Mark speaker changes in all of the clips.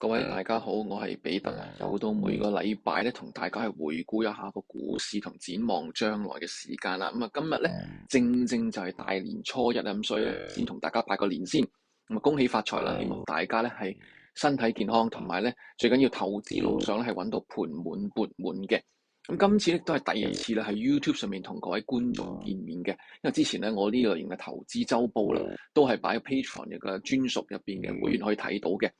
Speaker 1: .各位大家好，我係彼得，又到每個禮拜咧同大家係回顧一下個股市同展望將來嘅時間啦。咁啊，今日咧正正就係大年初一啦，咁所以先同大家拜個年先，咁啊恭喜發財啦！希望大家咧係身體健康，同埋咧最緊要投資路上咧係揾到盤滿缽滿嘅。咁今次咧都係第二次啦，喺 YouTube 上面同各位觀眾見面嘅，因為之前咧我呢類型嘅投資周報啦，都係擺喺 Patreon 嘅個專屬入邊嘅會員可以睇到嘅。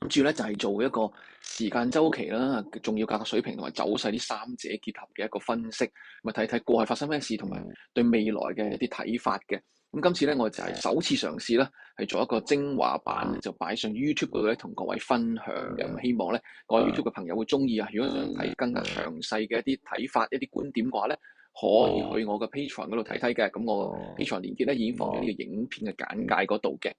Speaker 1: 跟住咧就係做一個時間周期啦、重要價格水平同埋走勢呢三者結合嘅一個分析，咁咪睇睇過去發生咩事，同埋對未來嘅一啲睇法嘅。咁今次咧我就係首次嘗試啦，係做一個精華版，就擺上 YouTube 度咧同各位分享嘅。希望咧各位 YouTube 嘅朋友會中意啊！如果想睇更加詳細嘅一啲睇法、一啲觀點嘅話咧，可以去我嘅 Patreon 度睇睇嘅。咁我 Patreon 連結咧已經放咗呢個影片嘅簡介嗰度嘅。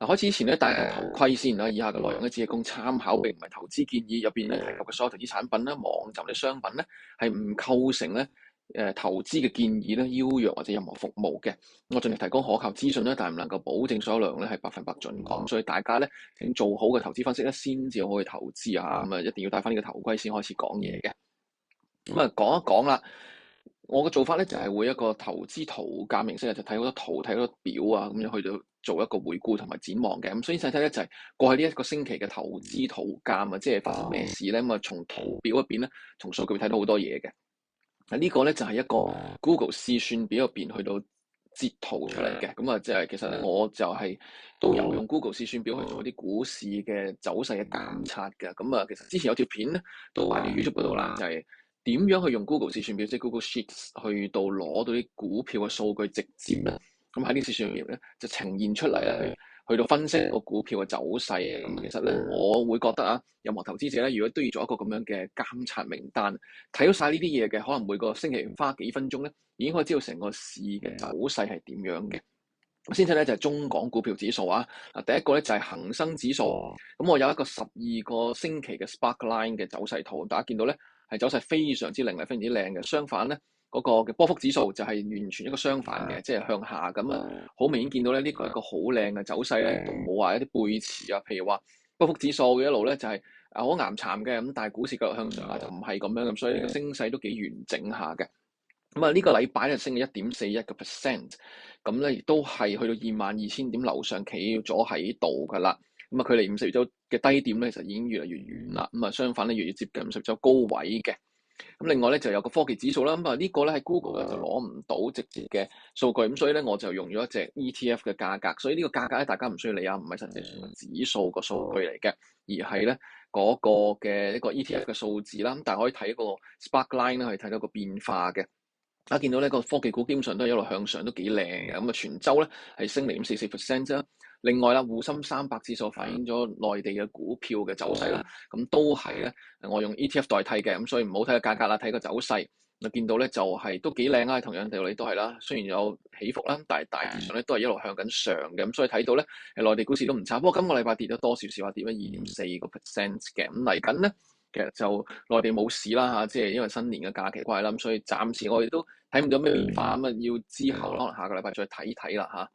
Speaker 1: 嗱，開始之前咧，戴下頭盔先啦。以下嘅內容咧，只係供參考，並唔係投資建議面。入邊咧提及嘅所有投資產品咧，網站嘅商品咧，係唔構成咧誒、呃、投資嘅建議咧，邀約或者任何服務嘅。我盡力提供可靠資訊咧，但係唔能夠保證所有內容咧係百分百準確。所以大家咧，請做好嘅投資分析咧，先至可以投資啊。咁、嗯、啊，一定要戴翻呢個頭盔先開始講嘢嘅。咁、嗯、啊、嗯嗯，講一講啦。我嘅做法咧就係、是、會一個投資圖鑑形式嘅，就睇、是、好多圖、睇好多表啊，咁樣去到做一個回顧同埋展望嘅。咁、嗯、所以細睇咧就係、是、過去呢一個星期嘅投資圖鑑啊，即係發生咩事咧？咁啊，從圖表入邊咧，從數據睇到好多嘢嘅。啊，這個、呢個咧就係、是、一個 Google 試算表入邊去到截圖出嚟嘅。咁啊、嗯，即係其實我就係都有用 Google 試算表去做一啲股市嘅走勢嘅監測嘅。咁啊、嗯，其實之前有條片咧都喺 YouTube 嗰度啦，嗯嗯嗯嗯、就係、是。點樣去用 Google 試算表即係、就是、Google Sheets 去到攞到啲股票嘅數據直接咧，咁喺呢試算表咧就呈現出嚟咧，去到分析個股票嘅走勢。咁其實咧我會覺得啊，任何投資者咧如果都要做一個咁樣嘅監察名單，睇到晒呢啲嘢嘅，可能每個星期花幾分鐘咧，已經可以知道成個市嘅走勢係點樣嘅。咁先睇咧就係、是、中港股票指數啊，嗱第一個咧就係、是、恒生指數，咁我有一個十二個星期嘅 Sparkline 嘅走勢圖，大家見到咧。係走勢非常之靈啊，非常之靚嘅。相反咧，嗰、那個嘅波幅指數就係完全一個相反嘅，Yeah. 即係向下咁啊，Yeah. 好明顯見到咧，呢、這個係一個好靚嘅走勢咧，Yeah. 都冇話一啲背馳啊。譬如話波幅指數嘅一路咧，就係、是、好岩巉嘅咁，但係股市繼續向上就唔係咁樣咁。Yeah. 所以呢個升勢都幾完整下嘅。咁啊，呢個禮拜就升咗一點四一個 percent，咁咧亦都係去到二萬二千點樓上企咗喺度㗎啦。咁啊，距離五十二周嘅低點咧，其實已經越嚟越遠啦。咁啊，相反咧，越嚟越接近五十二周高位嘅。咁另外咧，就有個科技指數啦。咁啊，呢個咧喺 Google 就攞唔到直接嘅數據，咁所以咧，我就用咗一隻 ETF 嘅價格。所以呢個價格咧、那個，大家唔需要理啊，唔係實際指數個數據嚟嘅，而係咧嗰個嘅一個 ETF 嘅數字啦。咁但係可以睇一個 Sparkline 咧，可以睇到個變化嘅。大家見到呢個科技股基本上都係一路向上，都幾靚嘅。咁啊，全周咧係升嚟五四四 percent 啫。另外啦，滬深三百指數反映咗內地嘅股票嘅走勢啦，咁、嗯嗯、都係咧，我用 ETF 代替嘅，咁所以唔好睇個價格啦，睇個走勢，我見到咧就係都幾靚啦，同樣道理都係啦，雖然有起伏啦，但係大致上咧都係一路向緊上嘅，咁所以睇到咧，誒內地股市都唔差，不過今個禮拜跌咗多少少，話跌咗二點四個 percent 嘅，咁嚟緊咧其實就內地冇市啦吓，即係因為新年嘅假期關啦，所以暫時我哋都睇唔到咩變化，咁啊要之後可能下個禮拜再睇睇啦吓。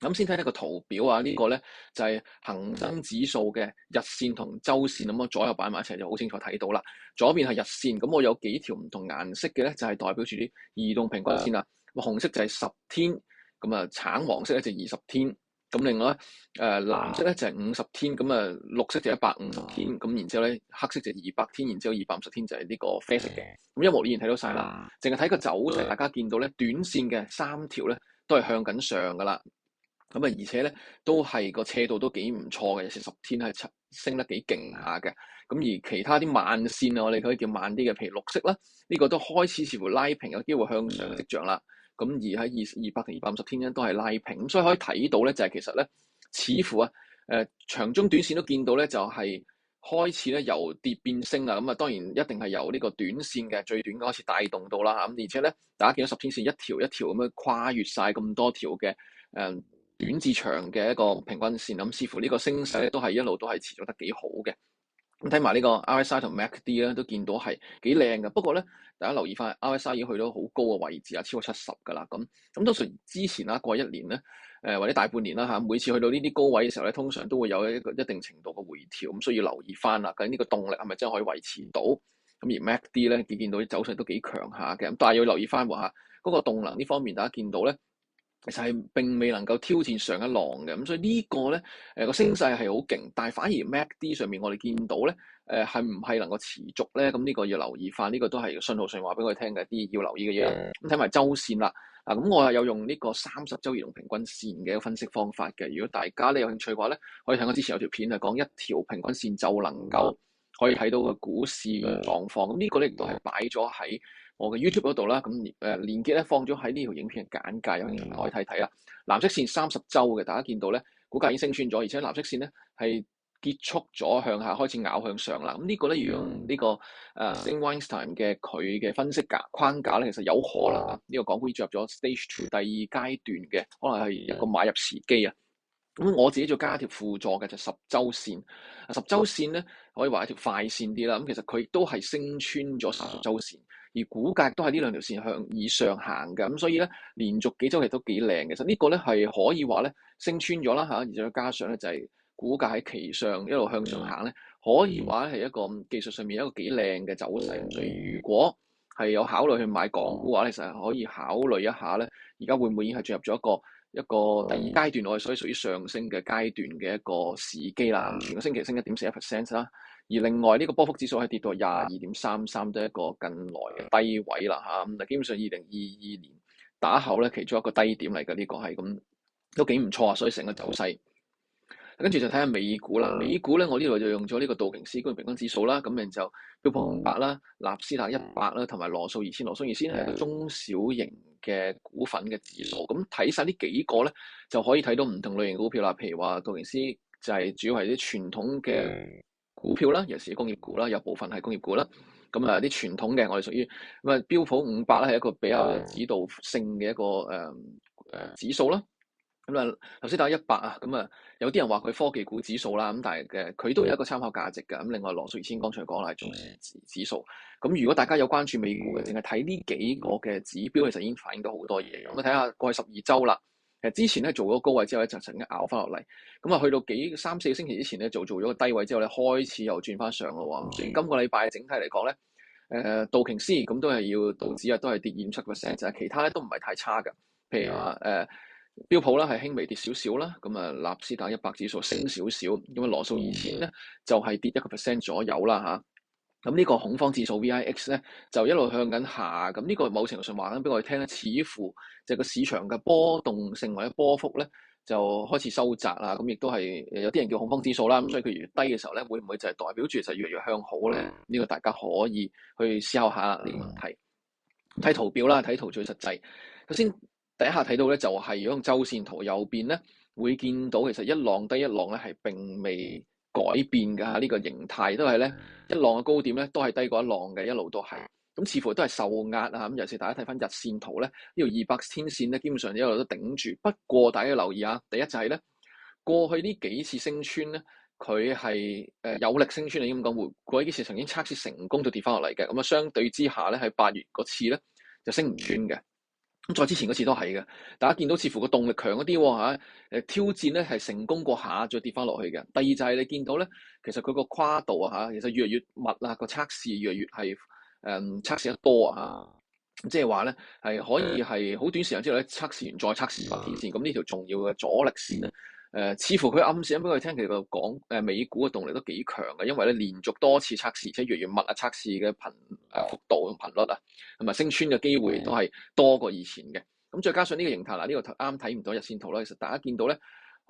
Speaker 1: 咁先睇咧個圖表啊！呢、這個咧就係恒生指數嘅日線同周線咁樣左右擺埋一齊就好清楚睇到啦。左邊係日線，咁我有幾條唔同顏色嘅咧，就係代表住啲移動平均線啦。咁紅色就係十天，咁啊橙黃色咧就二十天，咁另外誒、呃、藍色咧就係五十天，咁啊綠色就一百五十天，咁然之後咧黑色就二百天，然之後二百五十天就係呢個啡色嘅。咁、嗯、一目了然睇到晒啦，淨係睇個走勢，大家見到咧短線嘅三條咧都係向緊上噶啦。咁啊，而且咧都係個斜度都幾唔錯嘅，有時十天係七升得幾勁下嘅。咁而其他啲慢線啊，我哋可以叫慢啲嘅，譬如綠色啦，呢、這個都開始似乎拉平，有機會向上跡象啦。咁而喺二二百同二百五十天咧都係拉平，咁所以可以睇到咧，就係、是、其實咧，似乎啊，誒、呃、長中短線都見到咧，就係、是、開始咧由跌變升啊。咁、嗯、啊，當然一定係由呢個短線嘅最短開始帶動到啦。咁、嗯、而且咧，大家見到十天線一條一條咁樣跨越晒咁多條嘅誒。嗯短至長嘅一個平均線，咁似乎呢個升勢咧都係一路都係持續得幾好嘅。咁睇埋呢個 RSI 同 MACD 咧，都見到係幾靚嘅。不過咧，大家留意翻 RSI 已經去到好高嘅位置啊，超過七十㗎啦。咁咁當然之前啦，過一年咧，誒、呃、或者大半年啦嚇，每次去到呢啲高位嘅時候咧，通常都會有一個一定程度嘅回調，咁所以要留意翻啦。咁呢個動力係咪真係可以維持到？咁而 MACD 咧見見到走勢都幾強下嘅，但係要留意翻喎嚇，嗰、那個動能呢方面，大家見到咧。其實係並未能夠挑戰上一浪嘅，咁所以個呢個咧，誒個升勢係好勁，但係反而 MACD 上面我哋見到咧，誒係唔係能夠持續咧？咁、嗯、呢、這個要留意翻，呢、這個都係個信號上話俾我哋聽嘅一啲要留意嘅嘢。咁睇埋周線啦，嗱、啊、咁、嗯、我係有用呢個三十周移動平均線嘅分析方法嘅。如果大家咧有興趣嘅話咧，可以睇我之前有條片係講一條平均線就能夠可以睇到個股市嘅狀況。咁、嗯、呢、嗯嗯嗯嗯嗯這個咧亦都係擺咗喺我嘅 YouTube 嗰度啦，咁誒連結咧放咗喺呢條影片嘅簡介入面，可以睇睇啊。藍色線三十週嘅，大家見到咧，股價已經升穿咗，而且藍色線咧係結束咗向下，開始咬向上啦。咁呢如、呢個咧用、呃、呢個啊，Stan Weinstein 嘅佢嘅分析架框架咧，其實有可能啊。呢、呢個港股進入咗 Stage Two 第二階段嘅，可能係一個買入時機啊。咁我自己就加一條輔助嘅，就是、十週線。十週線咧可以話一條快線啲啦。咁其實佢亦都係升穿咗十週線。而股價都喺呢兩條線向以上行嘅，咁所以咧連續幾週期都幾靚嘅。其實呢個咧係可以話咧升穿咗啦嚇，而再加上咧就係股價喺其上一路向上行咧，可以話係一個技術上面一個幾靚嘅走勢。所以如果係有考慮去買港股嘅話，其實係可以考慮一下咧，而家會唔會已經係進入咗一個？一個第二階段我哋所以屬於上升嘅階段嘅一個時機啦，全個星期升一點四一 percent 啦，而另外呢個波幅指數係跌到廿二點三三，都係一個近來嘅低位啦吓，咁就基本上二零二二年打後咧，其中一個低點嚟嘅。呢個係咁都幾唔錯啊，所以成個走勢。跟住就睇下美股啦，美股咧，我呢度就用咗呢個道瓊斯工業平均指數啦，咁你就後標普五百啦、納斯達一百啦，同埋羅素二千，羅素二千係個中小型嘅股份嘅指數，咁睇晒呢幾個咧，就可以睇到唔同類型股票啦。譬如話道瓊斯就係主要係啲傳統嘅股票啦，尤其是工業股啦，有部分係工業股啦。咁啊啲傳統嘅我哋屬於咁啊，標普五百咧係一個比較指導性嘅一個誒指數啦。咁啊，頭先打一百啊，咁啊，有啲人話佢科技股指數啦，咁但係嘅佢都有一個參考價值嘅。咁另外羅素先剛才講啦，係總指數。咁如果大家有關注美股嘅，淨係睇呢幾個嘅指標，其實已經反映到好多嘢。咁睇下過去十二週啦，其實之前咧做咗高位之後咧，就成日拗翻落嚟。咁啊，去到幾三四個星期之前咧，就做咗個低位之後咧，開始又轉翻上咯。咁今個禮拜整體嚟講咧，誒道瓊斯咁都係要道指啊，都係跌二點七個 percent，但係其他咧都唔係太差嘅。譬如話誒。標普啦，係輕微跌少少啦，咁啊納斯達克一百指數升少少，咁啊羅素二千咧就係、是、跌一個 percent 左右啦吓，咁、啊、呢個恐慌指數 VIX 咧就一路向緊下，咁呢個某程度上話緊俾我哋聽咧，似乎就係個市場嘅波動性或者波幅咧就開始收窄啦，咁、啊、亦都係有啲人叫恐慌指數啦，咁、啊、所以佢越低嘅時候咧，會唔會就係代表住其實越嚟越向好咧？呢、這個大家可以去思考下呢個問題。睇圖表啦，睇圖最實際。首、啊、先。第一下睇到咧，就係如果用周線圖右邊咧，會見到其實一浪低一浪咧，係並未改變㗎嚇，呢個形態都係咧一浪嘅高點咧，都係低過一浪嘅，一路都係。咁似乎都係受壓啊！咁尤其大家睇翻日線圖咧，呢條二百天線咧，基本上一路都頂住，不過大家要留意下，第一就係咧過去呢幾次升穿咧，佢係誒有力升穿，你咁講會？過去幾次曾經測試成功就跌翻落嚟嘅。咁啊，相對之下咧，喺八月嗰次咧就升唔穿嘅。咁再之前嗰次都係嘅，大家見到似乎個動力強一啲嚇，誒挑戰咧係成功過下再跌翻落去嘅。第二就係你見到咧，其實佢個跨度啊嚇，其實越嚟越密啦，個測試越嚟越係誒、嗯、測試得多啊嚇，即係話咧係可以係好短時間之後咧測試完再測試翻天線。咁呢條重要嘅阻力線咧，誒、呃、似乎佢暗示咗俾我哋聽，其實講誒美股嘅動力都幾強嘅，因為咧連續多次測試，即係越嚟越密啊測試嘅頻。誒、啊、幅度、頻率啊，同埋升穿嘅機會都係多過以前嘅。咁、啊、再加上呢個形態，嗱呢個啱睇唔到日線圖啦、啊。其實大家見到咧，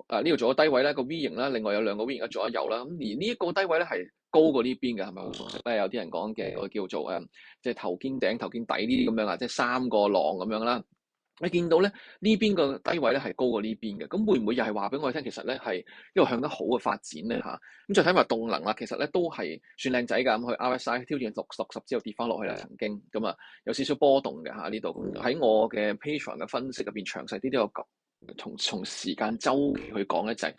Speaker 1: 誒呢度做咗低位咧、那個 V 型啦、啊，另外有兩個 V 型嘅左右啦。咁、啊啊、而呢一個低位咧係高過呢邊嘅，係、啊、咪？咧、啊、有啲人講嘅，我、那個、叫做誒，即、啊、係、就是、頭肩頂、頭肩底呢啲咁樣啊，即、就、係、是、三個浪咁樣啦。啊。你見到咧呢邊個低位咧係高過呢邊嘅，咁會唔會又係話俾我聽，其實咧係因為向得好嘅發展咧吓，咁、啊、再睇埋動能啦，其實咧都係算靚仔㗎，咁去 RSI 挑戰六六十之後跌翻落去啦，曾經咁啊、嗯、有少少波動嘅吓，呢、啊、度，喺我嘅 Patreon 嘅分析入邊詳細啲都有講。從從時間周期去講咧，就係、是、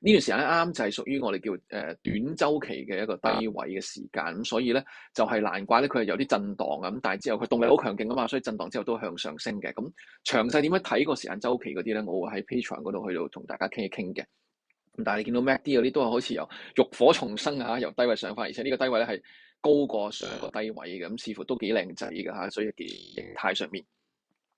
Speaker 1: 呢段時間啱就係屬於我哋叫誒、呃、短周期嘅一個低位嘅時間，咁所以咧就係、是、難怪咧佢係有啲震盪啊，咁但係之後佢動力好強勁啊嘛，所以震盪之後都向上升嘅。咁詳細點樣睇個時間周期嗰啲咧，我會喺 Patreon 嗰度去到同大家傾一傾嘅。咁、嗯、但係你見到 MACD 嗰啲都係好似由浴火重生啊，由低位上翻，而且呢個低位咧係高過上個低位嘅，咁、嗯、似乎都幾靚仔㗎吓，所以嘅形態上面。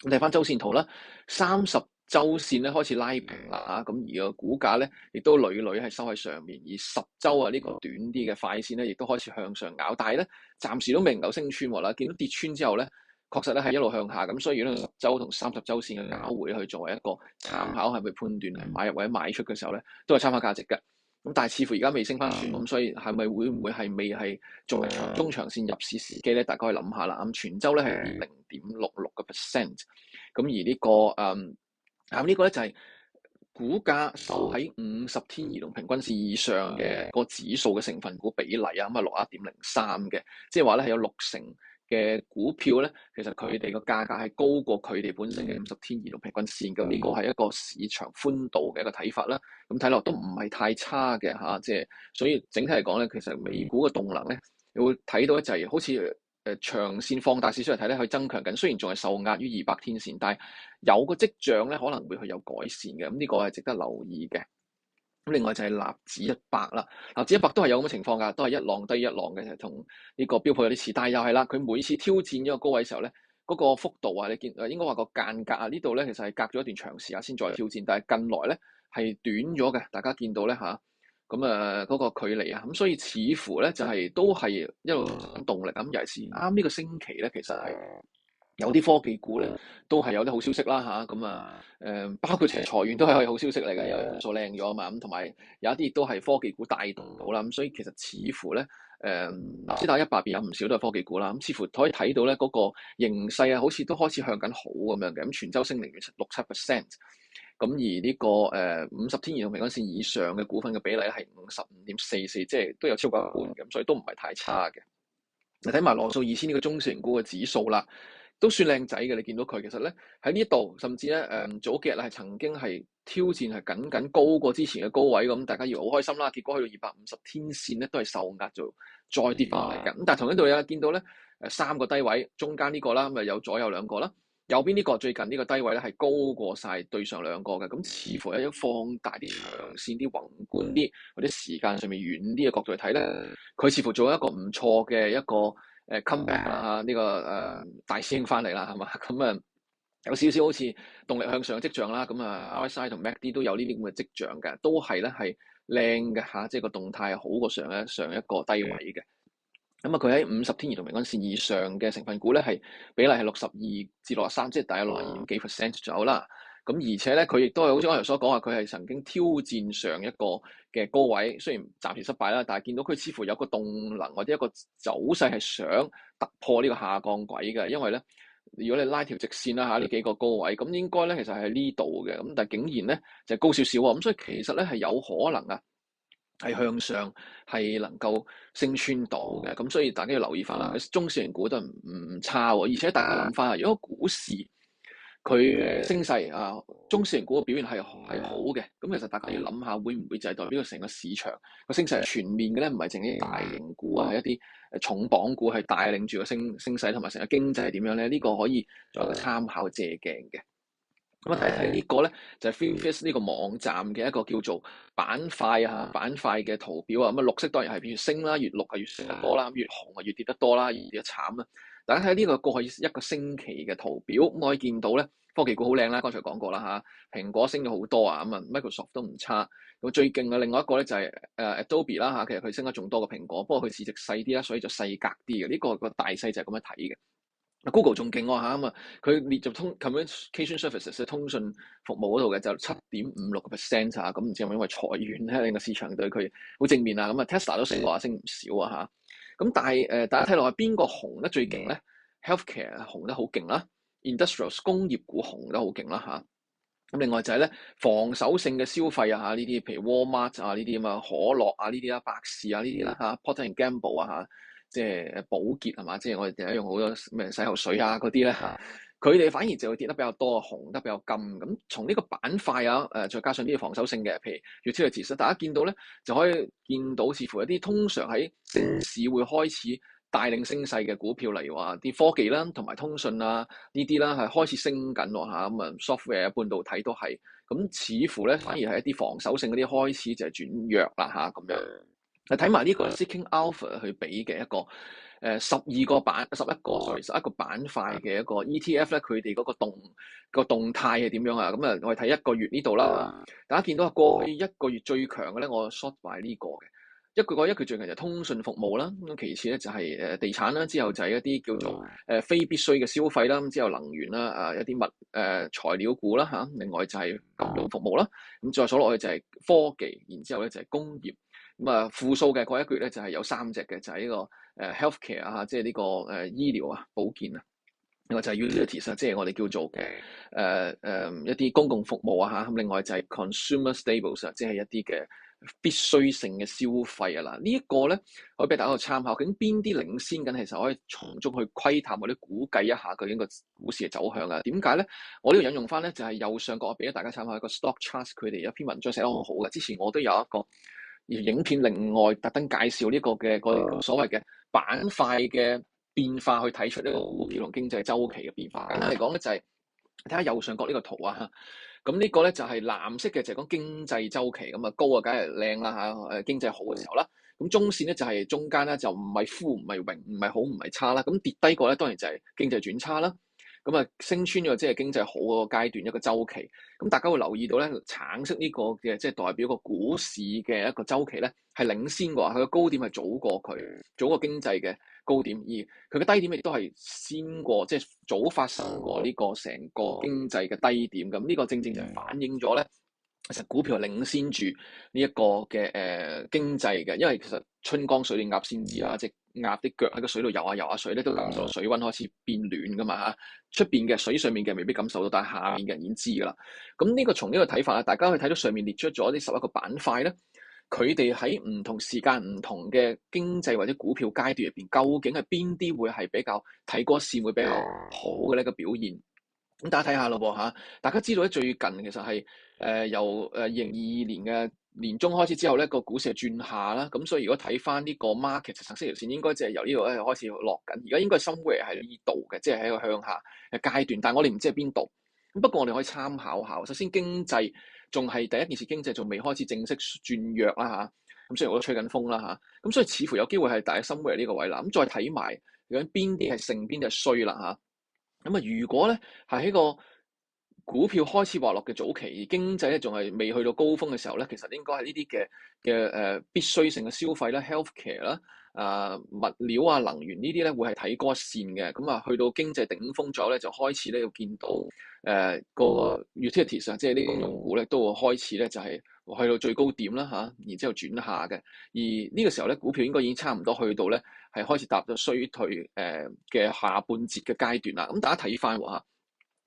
Speaker 1: 睇翻周線圖啦，三十。周線咧開始拉平啦，咁而個股價咧亦都屢屢係收喺上面，而十周啊呢個短啲嘅快線咧，亦都開始向上咬，但係咧暫時都未能夠升穿喎啦。見到跌穿之後咧，確實咧係一路向下咁，所以而十周同三十周線嘅咬回去作為一個參考，係咪判斷嚟買入或者賣出嘅時候咧，都係參考價值嘅。咁但係似乎而家未升翻穿，咁所以係咪會唔會係未係作為中長線入市時機咧？大家可以諗下啦。咁全周咧係零點六六個 percent，咁而呢、呢個誒。嗯咁呢個咧就係股價喺五十天移動平均線以上嘅個指數嘅成分股比例啊，咁啊六一點零三嘅，即係話咧係有六成嘅股票咧，其實佢哋個價格係高過佢哋本身嘅五十天移動平均線嘅，呢、這個係一個市場寬度嘅一個睇法啦。咁睇落都唔係太差嘅吓。即、啊、係、就是、所以整體嚟講咧，其實美股嘅動能咧，你會睇到就係好似～誒、呃、長線放大少少嚟睇咧，佢增強緊，雖然仲係受壓於二百天線，但係有個跡象咧，可能會去有改善嘅，咁、嗯、呢、這個係值得留意嘅。咁另外就係納指一百啦，納指一百都係有咁嘅情況㗎，都係一浪低一浪嘅，同呢個標普有啲似，但係又係啦，佢每次挑戰呢個高位嘅時候咧，嗰、那個幅度啊，你見應該話個間隔啊，呢度咧其實係隔咗一段長時間先再挑戰，但係近來咧係短咗嘅，大家見到咧嚇。咁啊，嗰、嗯那個距離啊，咁、嗯、所以似乎咧就係、是、都係一路動力咁、嗯，尤其是啱呢個星期咧，其實係有啲科技股咧都係有啲好消息啦吓，咁啊，誒、嗯、包括其實裁員都係有好消息嚟嘅，有所靚咗啊嘛，咁同埋有一啲都係科技股帶動到啦，咁、嗯、所以其實似乎咧，誒斯達一百邊有唔少都係科技股啦，咁、嗯、似乎可以睇到咧嗰、那個形勢啊，好似都開始向緊好咁樣嘅，咁、嗯、全周升零點六七 percent。咁而呢、這個誒五十天移動平均線以上嘅股份嘅比例係五十五點四四，即係都有超過一半嘅，咁所以都唔係太差嘅。你睇埋羅素二千呢個中成股嘅指數啦，都算靚仔嘅。你見到佢其實咧喺呢度，甚至咧誒、呃、早幾日係曾經係挑戰係僅僅高過之前嘅高位咁，大家要好開心啦，結果去到二百五十天線咧都係受壓就再跌翻嚟嘅。咁但係同一度又見到咧誒三個低位，中間呢個啦，咁啊有左右兩個啦。右邊呢個最近呢個低位咧係高過晒對上兩個嘅，咁似乎一放大啲、長線啲、宏觀啲或者時間上面遠啲嘅角度去睇咧，佢似乎做一個唔錯嘅一個誒 comeback 啦、啊、呢、呢個誒、啊、大師兄翻嚟啦，係嘛，咁啊有少少好似動力向上嘅迹象啦，咁啊 RSI 同 MACD 都有呢啲咁嘅迹象嘅，都係咧係靚嘅吓，即係個動態好過上一上一個低位嘅。咁啊，佢喺五十天移動平均線以上嘅成分股咧，係比例係六十二至六十三，即係大概六十二幾 percent 左右啦。咁而且咧，佢亦都係好似我頭所講話，佢係曾經挑戰上一個嘅高位，雖然暫時失敗啦，但係見到佢似乎有個動能或者一個走勢係想突破呢個下降軌嘅，因為咧，如果你拉條直線啦嚇呢幾個高位，咁應該咧其實係呢度嘅，咁但係竟然咧就係高少少喎，咁所以其實咧係有可能噶。係向上，係能夠升穿到嘅，咁所以大家要留意翻啦、嗯。中小型股都唔唔差喎，而且大家諗翻，如果股市佢升勢啊，中小型股嘅表現係係好嘅，咁其實大家要諗下，會唔會就係代表成個市場個升勢全面嘅咧？唔係淨係大型股啊，一啲重磅股係帶領住個升升勢，同埋成個經濟係點樣咧？呢、呢個可以作一個參考借鏡嘅。咁啊，睇睇、嗯、呢個咧就係、是、Finviz 呢個網站嘅一個叫做板塊啊，板塊嘅圖表啊，咁啊綠色當然係越升啦、啊，越綠啊越升得多啦、啊，越紅啊越跌得多啦、啊，越慘啊！大家睇呢個過去一個星期嘅圖表，我可以見到咧，科技股好靚啦，剛才講過啦吓、啊，蘋果升咗好多啊，咁啊 Microsoft 都唔差，咁、啊、最勁嘅另外一個咧就係誒 Adobe 啦、啊、吓、啊，其實佢升得仲多過蘋果，不過佢市值細啲啦，所以就細格啲嘅，呢、這個個大細就係咁樣睇嘅。Google 仲勁喎咁啊！佢、嗯、列入通 communication services 嘅通訊服務嗰度嘅就七點五六 percent 啊！咁、嗯、唔知係咪因為裁員咧，令、這、到、個、市場對佢好正面啊！咁啊，Tesla 都升過吓升唔少啊嚇！咁、嗯、但係誒、呃，大家睇落去，邊個紅得最勁咧？Healthcare 紅得好勁啦，Industrial 工業股紅得好勁啦嚇！咁、嗯、另外就係咧防守性嘅消費啊嚇，呢啲譬如 Wal-Mart 啊呢啲咁啊，啊可樂啊呢啲啦，百事啊呢啲啦嚇，Procter & Gamble 啊嚇。即係保潔係嘛？即係我哋第一用好多咩洗頭水啊嗰啲咧嚇，佢哋反而就會跌得比較多，紅得比較金。咁從呢個板塊啊，誒再加上啲防守性嘅，譬如越超嘅跌勢，大家見到咧就可以見到似乎一啲通常喺升市會開始帶領升勢嘅股票，例如話啲科技啦、同埋通訊啊呢啲啦，係開始升緊喎嚇。咁啊，software 半導體都係咁，似乎咧反而係一啲防守性嗰啲開始就係轉弱啦嚇咁樣。睇埋呢個 Seeking Alpha 去畀嘅一個誒，十、呃、二個版，十一個十一個板塊嘅一個 E T F 咧，佢哋嗰個動個動態係點樣啊？咁、嗯、啊，我哋睇一個月呢度啦，大家見到過去一個月最強嘅咧，我 short 埋呢個嘅。一個月，一個月最近就通訊服務啦，咁其次咧就係、是、誒地產啦，之後就係一啲叫做誒非必需嘅消費啦，咁之後能源啦，啊、呃、一啲物誒、呃、材料股啦吓，另外就係金融服務啦，咁再數落去就係科技，然之後咧就係工業。咁啊，複、嗯、數嘅嗰一月咧就係、是、有三隻嘅，就係、是、呢個誒、呃、healthcare 啊，即係呢、這個誒、呃、醫療啊、保健啊,、呃呃、啊，另外就係 utilities 啊，即係我哋叫做嘅誒誒一啲公共服務啊嚇。另外就係 consumer staples 即係一啲嘅必需性嘅消費啊啦。這個、呢一個咧可以俾大家去個參考，究竟邊啲領先緊，其實可以從中去窺探或者估計一下究竟個股市嘅走向啊。點解咧？我呢度引用翻咧就係、是、右上角俾咗大家參考一個 stock charts 佢哋一篇文章寫得好好嘅。之前我都有一個。而影片另外特登介紹呢個嘅，那個、所謂嘅板塊嘅變、變化，去睇出呢個股票同經濟周期嘅變化。咁嚟講咧就係睇下右上角呢個圖啊，咁呢個咧就係、是、藍色嘅就係、是、講經濟周期，咁啊高啊，梗係靚啦嚇，誒經濟好嘅時候啦，咁中線咧就係、是、中間咧就唔係枯唔係榮唔係好唔係差啦，咁跌低個咧當然就係經濟轉差啦。咁啊，升穿咗即係經濟好嗰個階段一個周期。咁大家會留意到咧，橙色呢個嘅即係代表個股市嘅一個周期咧，係領先過。佢個高點係早過佢，早過經濟嘅高點。而佢嘅低點亦都係先過，即係早發生過呢個成個經濟嘅低點。咁呢個正正就反映咗咧，其實股票係領先住呢一個嘅誒經濟嘅，因為其實春江水暖鴨先至啦，即、嗯鴨啲腳喺個水度游下、啊、游下、啊、水咧，都感受到水溫開始變暖噶嘛嚇。出邊嘅水上面嘅未必感受到，但係下面嘅人已經知㗎啦。咁、嗯、呢、這個從呢個睇法啊，大家去睇到上面列出咗呢十一個板塊咧，佢哋喺唔同時間、唔同嘅經濟或者股票階段入邊，究竟係邊啲會係比較睇個線會比較好嘅呢個表現？咁、嗯、大家睇下咯噃嚇。大家知道咧，最近其實係誒、呃、由誒二零二二年嘅年中開始之後咧，個股市係轉下啦，咁所以如果睇翻呢個 market 上色條線，應該就係由呢度咧開始落緊。而家應該係 somewhere 係呢度嘅，即係喺個向下嘅階段。但係我哋唔知係邊度。咁不過我哋可以參考下。首先經濟仲係第一件事，經濟仲未開始正式轉弱啦，吓、啊，咁雖然我都吹緊風啦，吓、啊，咁所以似乎有機會係第一 somewhere 呢個位啦。咁、啊、再睇埋有邊啲係勝，邊啲係衰啦，吓，咁啊，如果咧係喺個～股票開始滑落嘅早期，而經濟咧仲係未去到高峰嘅時候咧，其實應該係呢啲嘅嘅誒必須性嘅消費啦、healthcare 啦、啊、呃、物料啊、能源呢啲咧會係睇嗰線嘅，咁、嗯、啊去到經濟頂峰咗咧就開始咧要見到誒個 utilities 啊，即係呢個用股咧都會開始咧就係、是、去到最高點啦嚇、啊，然之後轉下嘅。而呢個時候咧股票應該已經差唔多去到咧係開始踏入衰退誒嘅、呃、下半節嘅階段啦。咁、嗯、大家睇翻喎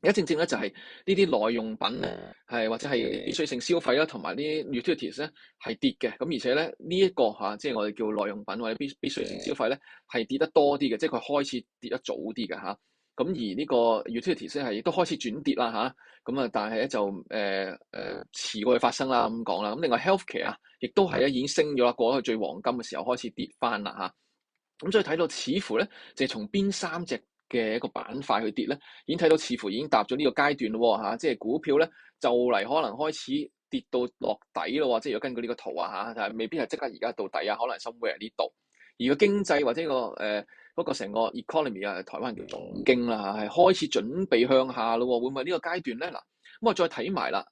Speaker 1: 一正正咧就係呢啲耐用品咧，係、嗯、或者係必需性消費啦，同埋啲 utilities 咧係跌嘅。咁而且咧呢一、這個吓、啊，即係我哋叫耐用品或者必必需性消費咧係跌得多啲嘅，即係佢開始跌得早啲嘅吓，咁、啊、而個呢個 utilities 咧係亦都開始轉跌啦吓，咁啊，但係咧就誒誒、呃呃、遲過去發生啦咁講啦。咁、啊、另外 healthcare 啊，亦都係咧已經升咗啦，過咗最黃金嘅時候開始跌返啦吓，咁、啊啊、所以睇到似乎咧就係、是、從邊三隻嘅一個板塊去跌咧，已經睇到似乎已經踏咗呢個階段咯喎、啊，即係股票咧就嚟可能開始跌到落底咯喎、啊，即係如果根據呢個圖啊嚇，但係未必係即刻而家到底啊，可能 somewhere 呢度。而個經濟或者個誒、呃，不過成個 economy 啊，台灣叫總經啦嚇，係開始準備向下咯喎、啊，會唔會呢個階段咧？嗱，咁啊再睇埋啦，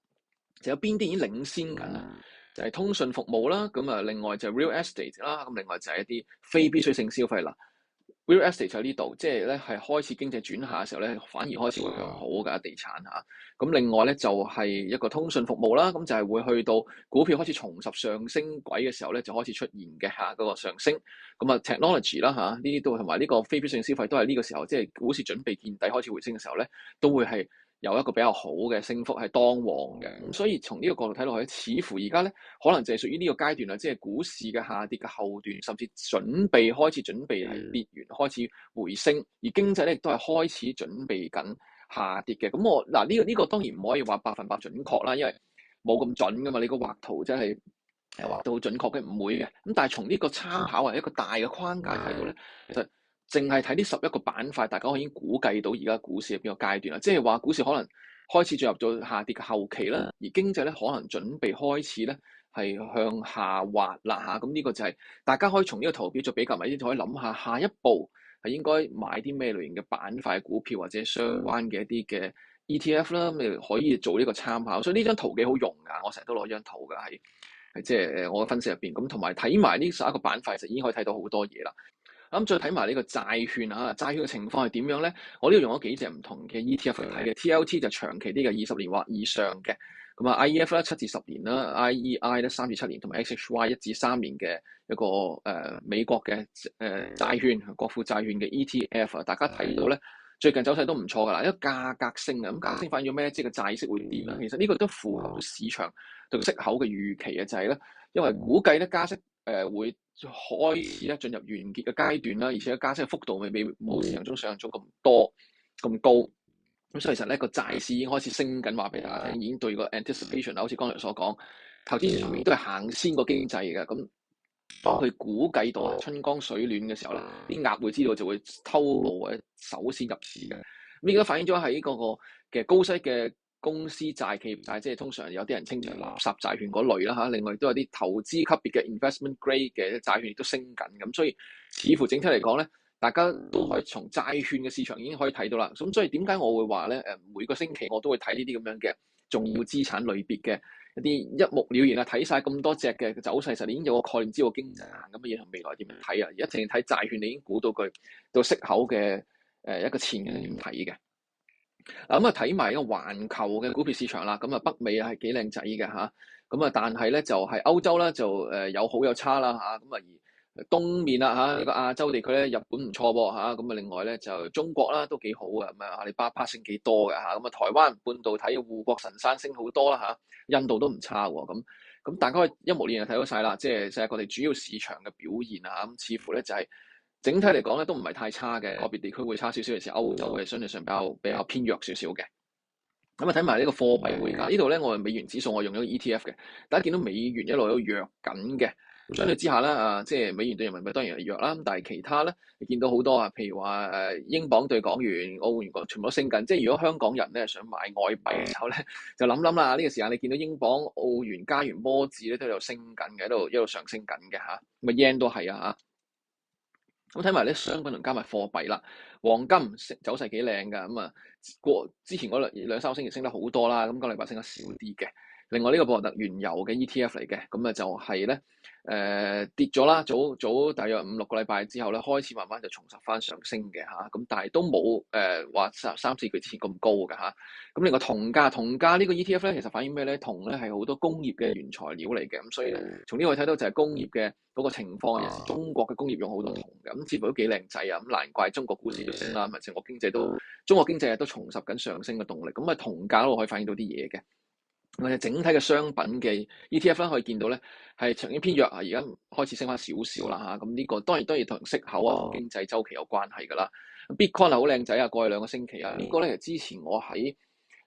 Speaker 1: 就有邊啲已經領先緊啦？就係、是、通訊服務啦，咁啊另外就係 real estate 啦，咁另外就係一啲非必需性消費啦。real estate 喺、就是、呢度，即係咧係開始經濟轉下嘅時候咧，反而開始會好噶、啊、地產吓。咁、啊啊、另外咧就係、是、一個通訊服務啦，咁、啊、就係會去到股票開始重拾上升軌嘅時候咧，就開始出現嘅吓嗰個上升。咁啊 Technology 啦吓，呢啲、啊、都同埋呢個非必需消費都係呢個時候，即、就、係、是、股市準備見底開始回升嘅時候咧，都會係。有一個比較好嘅升幅係當旺嘅，咁所以從呢個角度睇落去，似乎而家咧可能就係屬於呢個階段啦，即係股市嘅下跌嘅後段，甚至準備開始準備嚟跌完開始回升，而經濟咧亦都係開始準備緊下跌嘅。咁我嗱呢、啊呢個呢、呢個當然唔可以話百分百準確啦，因為冇咁準噶嘛，你畫、就是、吧畫個畫圖真係係畫到好準確嘅唔會嘅。咁但係從呢個參考係一個大嘅框架睇到咧，其實的。淨係睇呢十一個板塊，大家可以估計到而家股市入邊個階段啦，即係話股市可能開始進入咗下跌嘅後期啦，而經濟咧可能準備開始咧係向下滑啦吓，咁、嗯、呢、這個就係、是，大家可以從呢個圖表做比較，或者可以諗下下一步係應該買啲咩類型嘅板塊股票或者相關嘅一啲嘅 ETF 啦、嗯，咪可以做呢個參考。所以呢張圖幾好用噶，我成日都攞張圖噶，係係即係我分析入邊咁，同埋睇埋呢十一個板塊，其實已經可以睇到好多嘢啦。咁再睇埋呢個債券啊，債券嘅情況係點樣咧？我呢度用咗幾隻唔同嘅 ETF 嚟睇嘅，TLT 就長期啲嘅，二十年或以上嘅。咁啊，IEF 咧七至十年啦，IEI 咧三至七年，同埋、e、XHY 一至三年嘅一個誒、呃、美國嘅誒、呃、債券國庫債券嘅 ETF。大家睇到咧，最近走勢都唔錯㗎啦，一個價格升啊，咁升，升反映咗咩？即係個債息會點啊？其實呢個都符合市場對息口嘅預期嘅就係咧，因為估計咧加息。誒、呃、會開始咧進入完結嘅階段啦，而且加息嘅幅度未未冇上週上週咁多咁高，咁所以其實咧個債市已經開始升緊話俾大家聽，已經對個 anticipation 啦，好似剛才所講，頭先都係行先個經濟嘅。咁、嗯、當佢估計到春江水暖嘅時候啦，啲鴨會知道就會偷步或者，首先入市嘅，咁而家反映咗喺嗰個嘅、那個、高息嘅公司債、企業債即係通常有啲人稱做垃圾債券嗰類啦嚇、啊，另外都有啲投資級別嘅 investment grade 嘅債券亦都升緊咁、啊，所以似乎整體嚟講咧，大家都可以從債券嘅市場已經可以睇到啦。咁所以點解我會話咧？誒、啊、每個星期我都會睇呢啲咁樣嘅重要資產類別嘅一啲一目了然啊，睇晒咁多隻嘅走勢實，你已經有個概念知道經濟行咁嘅嘢同未來點樣睇啊！而一成睇債券，你已經估到佢到息口嘅誒、呃、一個前景係點睇嘅。咁啊，睇埋一個環球嘅股票市場啦，咁啊，北美係幾靚仔嘅吓，咁啊，但係咧就係歐洲咧就誒有好有差啦吓，咁啊而東面啦吓，呢個亞洲地區咧日本唔錯噃吓，咁啊，另外咧就中國啦都幾好嘅，咁啊阿里巴巴升幾多嘅吓，咁啊台灣半導體嘅護國神山升好多啦吓，印度都唔差喎，咁咁大家一目了然睇到晒啦，即係成日我哋主要市場嘅表現啊，咁似乎咧就係、是。整體嚟講咧都唔係太差嘅，個別地區會差少少嘅時候，歐洲會相對上比較比較偏弱少少嘅。咁啊睇埋呢個貨幣匯價，呢度咧我係美元指數，我用咗 ETF 嘅。大家見到美元一路都弱緊嘅，相對之下咧啊，即係美元對人民幣當然係弱啦。咁但係其他咧，你見到好多啊，譬如話誒英鎊對港元、澳元全部都升緊。即係如果香港人咧想買外幣嘅時候咧，就諗諗啦。呢個時間你見到英鎊、澳元、加元、波子咧都喺度升緊嘅，喺度一路上升緊嘅嚇。咁啊都係啊嚇。咁睇埋啲商品同加埋貨幣啦，黃金走勢幾靚㗎，咁啊之前嗰兩兩三個星期升得好多啦，咁個禮拜升得少啲嘅。另外呢、呢個博特原油嘅 ETF 嚟嘅，咁啊就係咧，誒、呃、跌咗啦，早早大約五六個禮拜之後咧，開始慢慢就重拾翻上升嘅嚇，咁、啊、但係都冇誒話三三四個月之前咁高嘅嚇，咁、啊、另外銅價銅價個呢個 ETF 咧，其實反映咩咧？銅咧係好多工業嘅原材料嚟嘅，咁所以咧，從呢個睇到就係工業嘅嗰個情況。中國嘅工業用好多銅嘅，咁接報都幾靚仔啊！咁、嗯、難怪中國股市都升啦，同埋成個經濟都中國經濟都重拾緊上升嘅動力。咁啊銅價都可以反映到啲嘢嘅。我哋整體嘅商品嘅 ETF 可以見到咧，係長遠偏弱啊，而家開始升翻少少啦嚇。咁呢個當然當然同息口啊、經濟周期有關係㗎啦。Bitcoin 係好靚仔啊，過去兩個星期啊，這個、呢個咧之前我喺。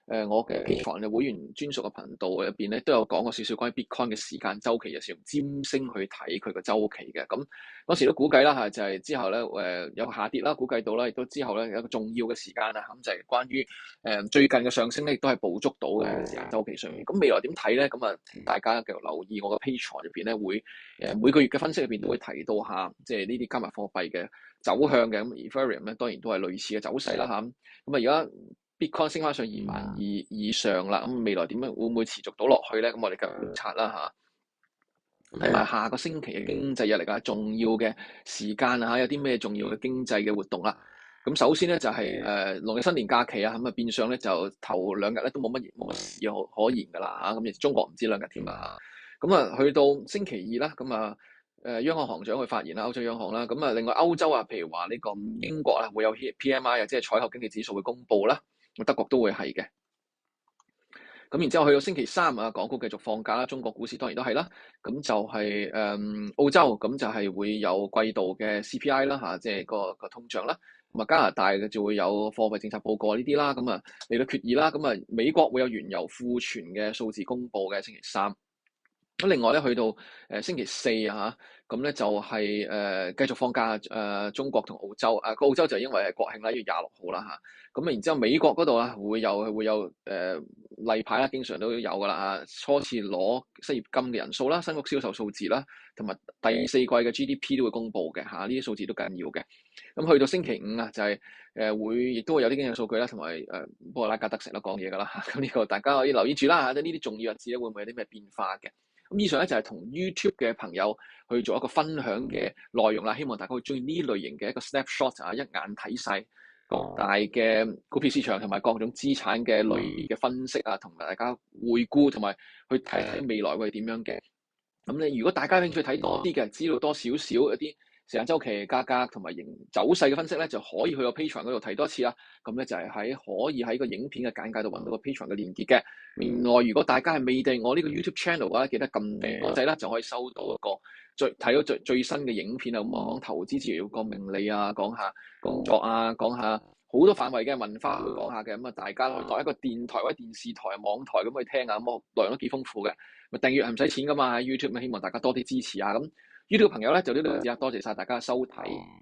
Speaker 1: 誒，我嘅 P 站嘅會員專屬嘅頻道入邊咧，都有講過少少關於 Bitcoin 嘅時間週期，又、就係用占星去睇佢個週期嘅。咁嗰時都估計啦嚇，就係、是、之後咧，誒有下跌啦，估計到啦，亦都之後咧，有一個重要嘅時間啊，咁就係、是、關於誒、呃、最近嘅上升咧，亦都係捕捉到嘅時間週期上面、哦。咁未來點睇咧？咁啊，大家繼續留意我嘅 P 站入邊咧，會誒每個月嘅分析入邊都會提到下，即係呢啲加密貨幣嘅走向嘅。咁而 Ethereum 咧，當然都係類似嘅走勢啦嚇。咁啊的，而家。Bitcoin 升翻上二萬二以上啦，咁未來點樣會唔會持續到落去咧？咁我哋繼續測啦嚇。同、啊、埋下個星期嘅經濟日嚟噶重要嘅時間啊，有啲咩重要嘅經濟嘅活動啊？咁首先咧就係誒農曆新年假期啊，咁啊變相咧就頭兩日咧都冇乜冇乜事可言㗎啦嚇。咁、啊、而中國唔知兩日添啊，咁啊去到星期二啦，咁啊誒、呃、央行行長會發言啦，歐洲央行啦，咁啊另外歐洲啊，譬如話呢個英國啊，會有 P M I 啊，即係採購經濟指數會公布啦、啊。德國都會係嘅，咁然之後去到星期三啊，港股繼續放假啦，中國股市當然都係啦，咁就係、是、誒、嗯、澳洲，咁就係會有季度嘅 CPI 啦、啊，嚇，即係個個通脹啦，咁啊加拿大嘅就會有貨幣政策報告呢啲啦，咁啊嚟到決議啦，咁啊美國會有原油庫存嘅數字公布嘅星期三。咁另外咧，去到誒星期四啊，咁咧就係、是、誒、呃、繼續放假誒、呃、中國同澳洲，誒、啊、澳洲就因為國慶啦，一月廿六號啦嚇。咁、啊、然之後美國嗰度啊，會有會有誒例牌啦，經常都有噶啦嚇。初次攞失業金嘅人數啦，新屋銷售數字啦，同埋第四季嘅 GDP 都會公布嘅嚇。呢、啊、啲數字都緊要嘅。咁去到星期五啊，就係誒會亦都會有啲經濟數據啦，同埋誒拉加德成都講嘢噶啦。咁、啊、呢、嗯這個大家可以留意住啦嚇，呢、啊、啲重要日子咧會唔會有啲咩變化嘅？咁以上咧就係同 YouTube 嘅朋友去做一個分享嘅內容啦，希望大家會中意呢類型嘅一個 snapshot 啊，一眼睇晒大嘅股票市場同埋各種資產嘅類別嘅分析啊，同埋大家回顧同埋去睇睇未來會點樣嘅。咁你如果大家興趣睇多啲嘅，知道多少少一啲，時間周期價格同埋形走勢嘅分析咧，就可以去個 Patreon 嗰度睇多次啦。咁咧就係喺可以喺個影片嘅簡介度揾到個 Patreon 嘅連結嘅。另外、嗯，如果大家係未訂我呢個 YouTube channel 啊，記得撳左底啦，嗯、就可以收到一個最睇到最最新嘅影片啊。咁講、嗯、投資、講命理啊，講下、嗯、工作啊，講下好多範圍嘅文化去講下嘅。咁啊，大家可以當一個電台或者電視台、網台咁去聽下，咁內容都幾豐富嘅，咪訂閱係唔使錢噶嘛。YouTube 希望大家多啲支持啊咁。YouTube 朋友呢，就呢度先啊，多謝曬大家嘅收睇。